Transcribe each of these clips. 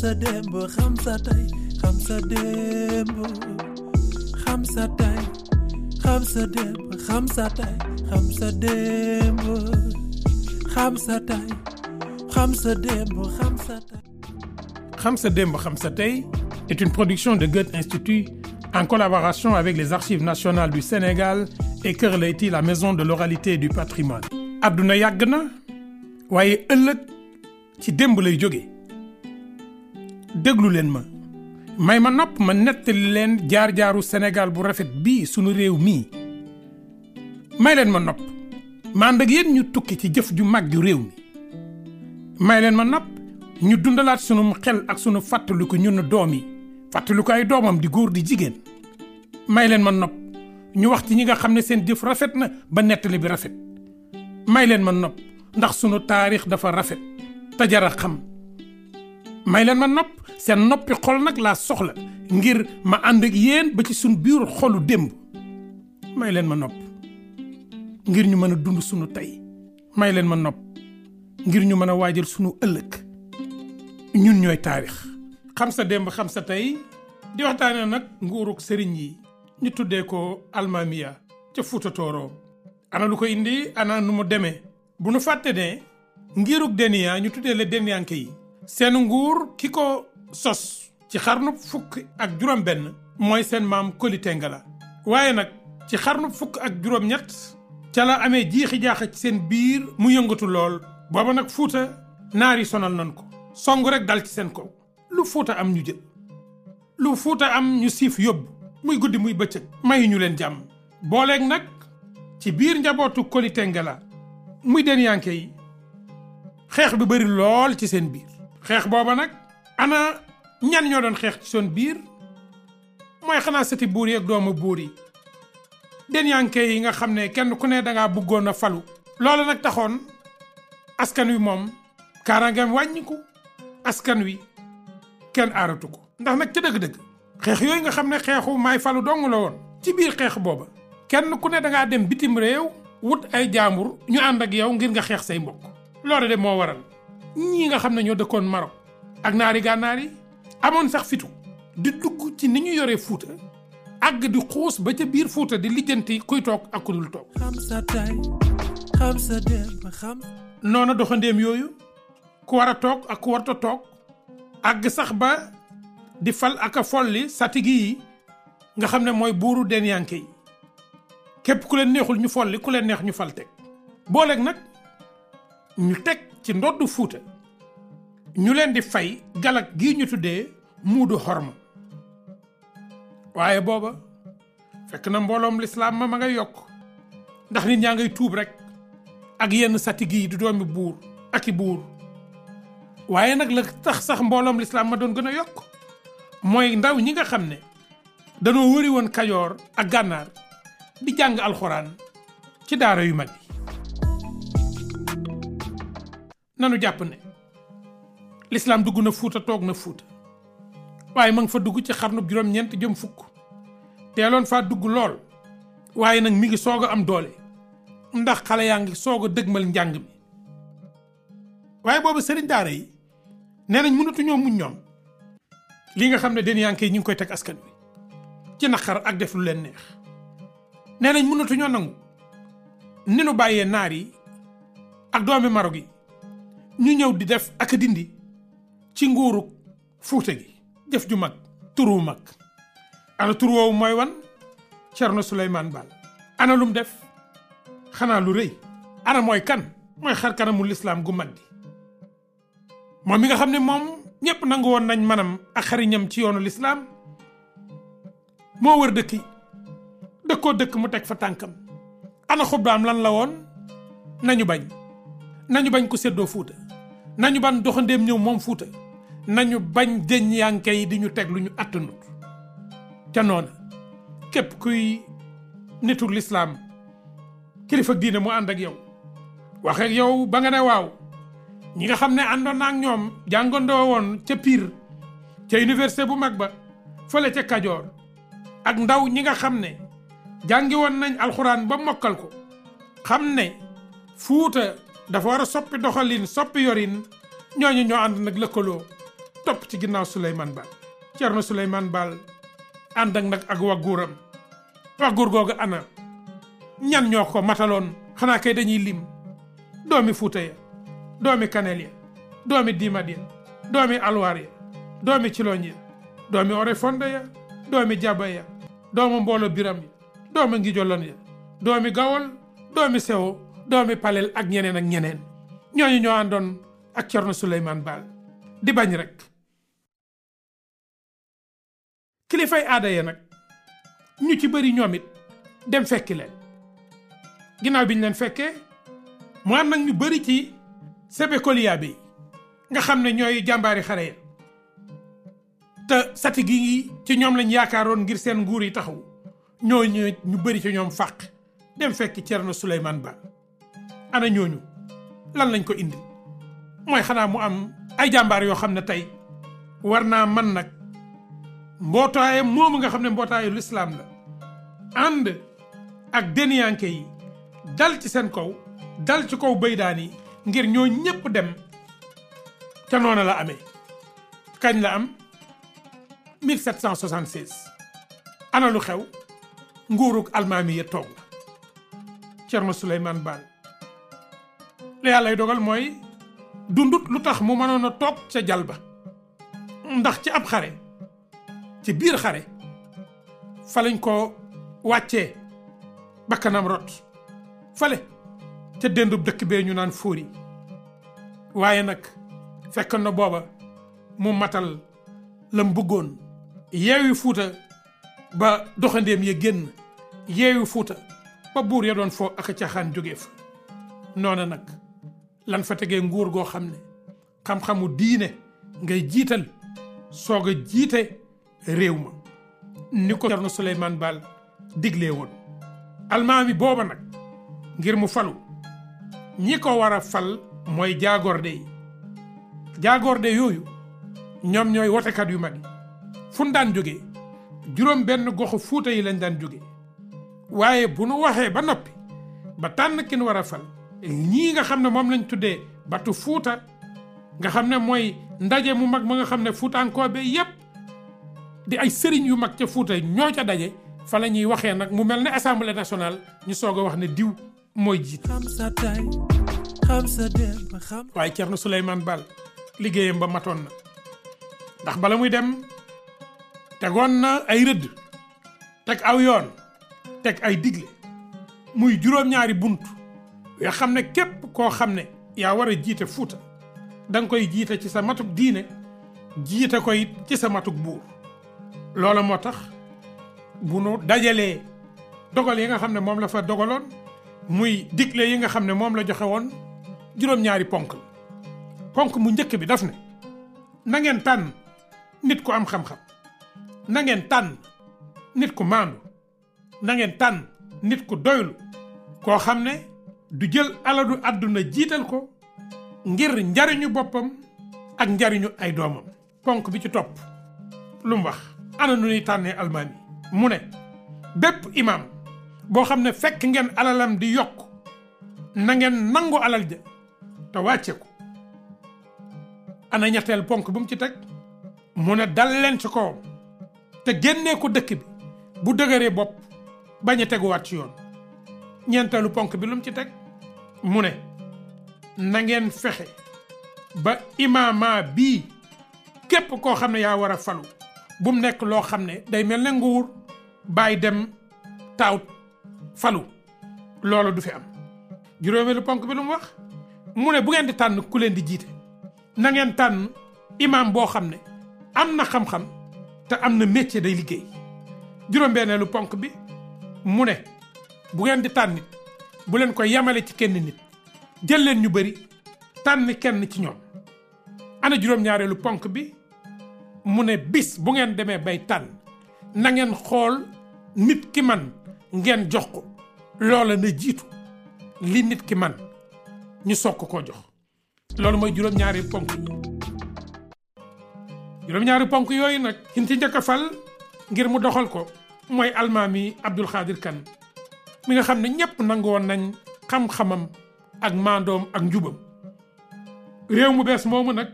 sa démb xam sa tey xam sa xam sa tey xam sa de Goethe Institut en collaboration avec les Archives nationales du Sénégal et Kër Leyti la maison de l'oralité et du patrimoine. àdduna yàgg na waaye ci démb lay jóge déglu leen ma may ma nopp ma nettali leen jaar-jaaru Sénégal bu rafet bii sunu réew mii may leen ma nopp ma ànd ak ñu tukki ci jëf ju mag ju réew mi may leen ma nopp ñu dundalaat sunu xel ak sunu fàttaliku ñun doom yi fàttaliku ay doomam di góor di jigéen may leen ma nopp ñu wax ci ñi nga xam ne seen jëf rafet na ba nettali bi rafet may leen ma nopp ndax sunu taarix dafa rafet te jar a xam may leen ma nopp seen noppi xol nag laa soxla ngir ma ànd ak yéen ba ci suñ biir xolu démb may leen ma nopp ngir ñu mën a dund suñu tey may leen ma nopp ngir ñu mën a waajal suñu ëllëg ñun ñooy taarix xam sa démb xam sa tey di waxtaane nag nguuruk sëriñ yi ñu tuddee ko almamiya ca Fuuta Tooro ana lu ko indi ana nu mu demee bu nu fàttee ne ngiruk deniya ñu tuddee la deniyanke yi seen nguur ki ko sos ci xarnu fukk ak juróom benn mooy seen maam Koli Tengala waaye nag ci xarnu fukk ak juróom ñett ca la amee jiixi jaaxa ci seen biir mu yëngatu lool booba nag fuuta naari sonal nan ko song rek dal ci seen kaw lu fuuta am ñu jë lu fuuta am ñu siif yóbbu muy guddi muy bëccëg mayu ñu leen jàmm booleeg nag ci biir njabootu Koli Tengala muy den yi xeex bi bari lool ci seen biir xeex booba nag ana ñan ñoo doon xeex ci soon biir mooy xanaa sëti buur yi ak doomu buur yi denyanke yi nga xam ne kenn ku ne dangaa bëggoon a falu loolu nag taxoon askan wi moom kaarangem wàññiku askan wi kenn aaratu ko ndax nag ca dëgg-dëgg xeex yooyu nga xam ne xeexu may falu dong la woon ci biir xeex booba kenn ku ne dangaa dem bitim réew wut ay jaambur ñu ànd ak yow ngir nga xeex say mbokk loolu de moo waral yi nga xam ne ñoo dëkkoon Maroc ak naari gànnaar yi amoon sax fitu di dugg ci ni ñu yoree Fuuta àgg di xuus ba ca biir Fuuta di lijjanti kuy toog ak ku dul toog noona doxandéem yooyu ku war a toog ak toog àgg sax ba di fal ak a folli satigi yi nga xam ne mooy buuru den yi képp ku leen neexul ñu folli ku leen neex ñu fal teg booleeg nag ñu teg ci ndoddu Fuuta ñu leen di fay galak gii ñu tuddee muudu xorma waaye booba fekk na mbooloom lislaam ma ma nga yokk ndax nit ñaa ngay tuub rek ak yenn satigi yi di doomi buur ak i buur waaye nag la tax sax mbooloom lislaam ma doon gën a yokk mooy ndaw ñi nga xam ne danoo wëri woon kajoor ak gànnaar di jàng alxuraan ci daara yu mag nanu jàpp ne lislaam dugg na fuuta toog na fuuta waaye ma nga fa dugg ci xarnub juróom-ñeent jëm fukk teeloon fa dugg lool waaye nag mi ngi soog a am doole ndax xale yaa ngi soog a dëgmal njàng mi waaye boobu sëriñ daara yi nee nañ mënatuñoo muñ ñoom li nga xam ne den yaa ngi ñu ngi koy teg askan wi ci naqar ak def lu leen neex nee nañ mënatuñoo nangu ni nu bàyyee naar yi ak doomi Maroc yi ñu ñëw di def ak dindi ci nguurug fuute gi jëf ju mag tur wu mag ana tur woowu mooy wan Cerno Suleymaan Baal ana lum def xanaa lu rëy ana mooy kan mooy xarkanamu lislaam gu mag gi moom mi nga xam ne moom ñëpp nangu woon nañ manam ak xariñam ci yoonu lislaam moo wër dëkk dëkkoo dëkk mu teg fa tànkam ana xutbaam lan la woon nañu bañ nañu bañ ko seddoo fuuta nañu ban doxandéem ñëw moom fuuta nañu bañ deñ yanke yi di ñu teg lu ñu attanut ca noona képp kuy nitu lislaam kilifa diine mu ànd ak yow wax ak ba nga ne waaw ñi nga xam ne àndoon naa ak ñoom jàngandoo woon ca piir ca université bu mag ba fële ca Kajoor ak ndaw ñi nga xam ne jàngi woon nañ alxuraan ba mokkal ko xam ne fuuta dafa war a soppi doxaliin soppi yorin ñooñu ñoo ànd nag lëkkaloo topp ci ginnaaw Souleymane Baal Thierno Souleymane Baal ànd ak nag ak wagguuram wagguur googu ana ñan ñoo ko mataloon xanaa kay dañuy lim doomi Fuuta ya doomi Kaneel ya doomi Dimat ya doomi Alwaar ya doomi Ciloñ ya doomi Oréfondé ya doomi Jaba ya doomu Mboolo Biram ya doomi Ngijolon ya doomi Gawol doomi Sewo doomi paleel ak ñeneen ak ñeneen ñooñu ñoo àndoon ak Thierno Souleymane Baal di bañ rek kilifay aada ya nag ñu ci bëri ñoom it dem fekki leen ginnaaw bi ñu leen fekkee mu am nag ñu bëri ci sebe koliya bi nga xam ne ñooy jàmbaari xare yi te sati gi ci ñoom lañ yaakaaroon ngir seen nguur yi taxaw ñooñu ñu bëri ci ñoom fàq dem fekki Thierno Souleymane Ba ana ñooñu lan lañ ko indi mooy xanaa mu am ay jàmbaar yoo xam ne tey war naa man nag mbootaayam moomu nga xam ne mbootaayu lislaam la ànd ak deniyanke yi dal ci seen kaw dal ci kaw baydaan yi ngir ñoo ñépp dem ca noona la amee kañ la am 1776 ana lu xew nguuruk almaami ya toog na Cerno Suleymaan Baal la yàllay dogal mooy dundut lu tax mu mënoon a toog ca jalba ndax ci ab xare ci biir xare fa lañ ko wàccee bakkanam rot fale ca dendub dëkk bee ñu naan fóori waaye nag fekk na booba mu matal lam bëggoon yeewi fuuta ba doxandeem ya génn yeewi fuuta ba buur ya doon foo ak a caaxaan jógee fa noona nag lan fa tegee nguur goo xam ne xam-xamu diine ngay jiital soog a jiite réew ma ni ko Cerno Souleymane Baal diglee woon almaami booba nag ngir mu falu ñi ko war a fal mooy jaagorde yi jaagorde yooyu ñoom ñooy wotekat yu mag yi fu ñu daan jógee juróom benn goxu fuuta yi lañ daan jóge waaye bu nu waxee ba noppi ba tànn ki war a fal ñii nga xam ne moom lañ tuddee batu fuuta nga xam ne mooy ndaje mu mag ma nga xam ne be yépp di ay sëriñ yu mag ca fuuta ñoo ca daje fa la ñuy waxee nag mu mel ne assemblée nationale ñu soog a wax ne diw mooy jiit waaye Thierno Souleymane Baal liggéeyam ba matoon na ndax bala muy dem tegoon na ay rëdd teg aw yoon teg ay digle muy juróom-ñaari bunt nga xam ne képp koo xam ne yaa war a jiite Fuuta danga koy jiite ci sa matug diine jiite ko it ci sa matug buur loola moo tax bu nu dajalee dogal yi nga xam ne moom la fa dogaloon muy digle yi nga xam ne moom la joxe woon juróom-ñaari ponk la ponk mu njëkk bi daf ne na ngeen tànn nit ku am xam-xam na tànn nit ku maandu nangeen tànn nit ku doylu koo xam ne du jël aladu àdduna jiital ko ngir njariñu boppam ak njariñu ay doomam ponk bi ci topp lu mu wax ana nu ñuy tànnee almaami mu ne bépp imaam boo xam ne fekk ngeen alalam di yokk nangeen nangu alal ja te wàcce ko ana ñetteel ponk bu mu ci teg mu ne dal leen ci kawam te génnee ko dëkk bi bu dëgëree bopp bañ a teguwaat ci yoon ñeenteelu ponk bi lu mu ci teg mu ne nangeen ngeen fexe ba imaama bii képp koo xam ne yaa war a falu bu mu nekk loo xam ne day mel ne nguur bàyyi dem taawut falu loolu du fi am juróomeelu ponk bi lu mu wax mu ne bu ngeen di tànn ku leen di jiite nangeen tànn imaam boo xam ne am na xam-xam te am na métier day liggéey juróom-benneelu ponk bi mu ne bu ngeen di tànn bu leen ko yemale ci kenn nit jël leen ñu bëri tànn kenn ci ñoom ana juróom-ñaareelu ponk bi mu ne bis bu ngeen demee bay tànn nangeen xool nit ki man ngeen jox ko loola na jiitu li nit ki man ñu soog ko koo jox loolu mooy juróom-ñaari ponk juróom-ñaari ponk yooyu nag kin ci njëkk a fal ngir mu doxal ko mooy almaami Abdul Xaadir Kan mi nga xam ne ñépp nangoon nañ xam-xamam ak maandoom ak njubam réew mu bees moomu nag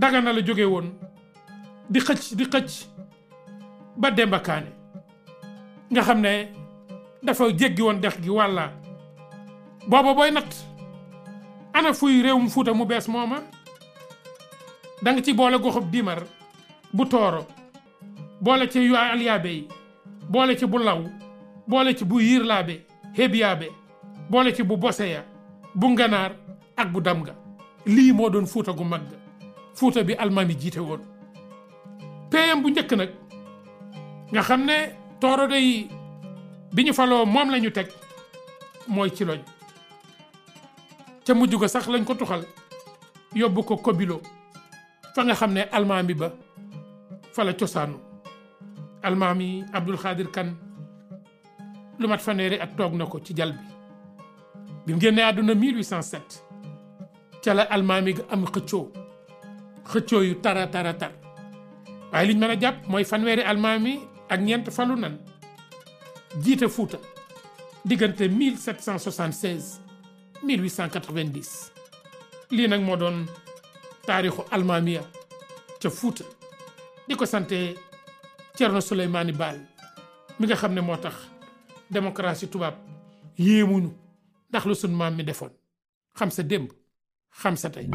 Dagana la jóge woon di xëcc di xëcc ba Demba Kaane nga xam ne dafa jéggi woon dex gi wàlla booba booy nat ana fuy réew mu Fuuta mu bees mooma da nga ci boole goxub Dimar bu Tooro boole ci yu Aliyaabe yi boole ci bu boole ci bu yiirlaabe hebiyaabe boole ci bu boseya bu nganaar ak bu damga lii moo doon fuuta gu mag fuuta bi almaami jiite woon peyam bu njëkk nag nga xam ne toorodo yi bi ñu faloo moom la ñu teg mooy ci loñ ca mujj ga sax lañ ko tuxal yóbbu ko kobilo fa nga xam ne almaami ba fala cosaanu almaami Abdul Xaadir Kan lu mat fanweeri at toog na ko ci jal bi bi mu àdduna 1807 ca la almaami ga am xëccoo xëccoo yu tara tara tar waaye liñ mën a jàpp mooy fanweeri almaami ak ñeent falu nan jiite Fuuta diggante 1776 1890 lii nag moo doon taarixu almaamiya ca Fuuta di ko sante Cerno Suleymaani Baal mi nga xam ne moo tax démocratie tubaab yéemuñu ndax lu sunu maam mi defoon xam sa xam sa tey.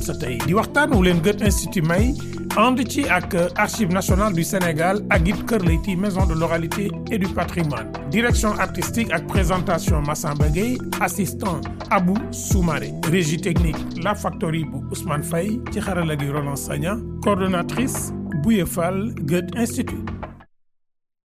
sa tey di waxtaan wu leen Goethe Institut may ànd ci ak Archives nationales du Sénégal ak it Kër Leyti maison de l'oralité et du patrimoine direction artistique ak présentation Massamba Gueye assistant Abou Soumaré régie technique La Factory bu Ousmane Faye ci xarala gi Roland Sagna coordonnatrice Bouye Fall Goethe